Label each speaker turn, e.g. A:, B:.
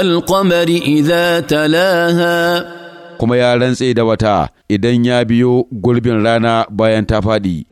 A: idan ta laha. kuma ya rantse da wata idan ya biyo gurbin rana bayan ta faɗi.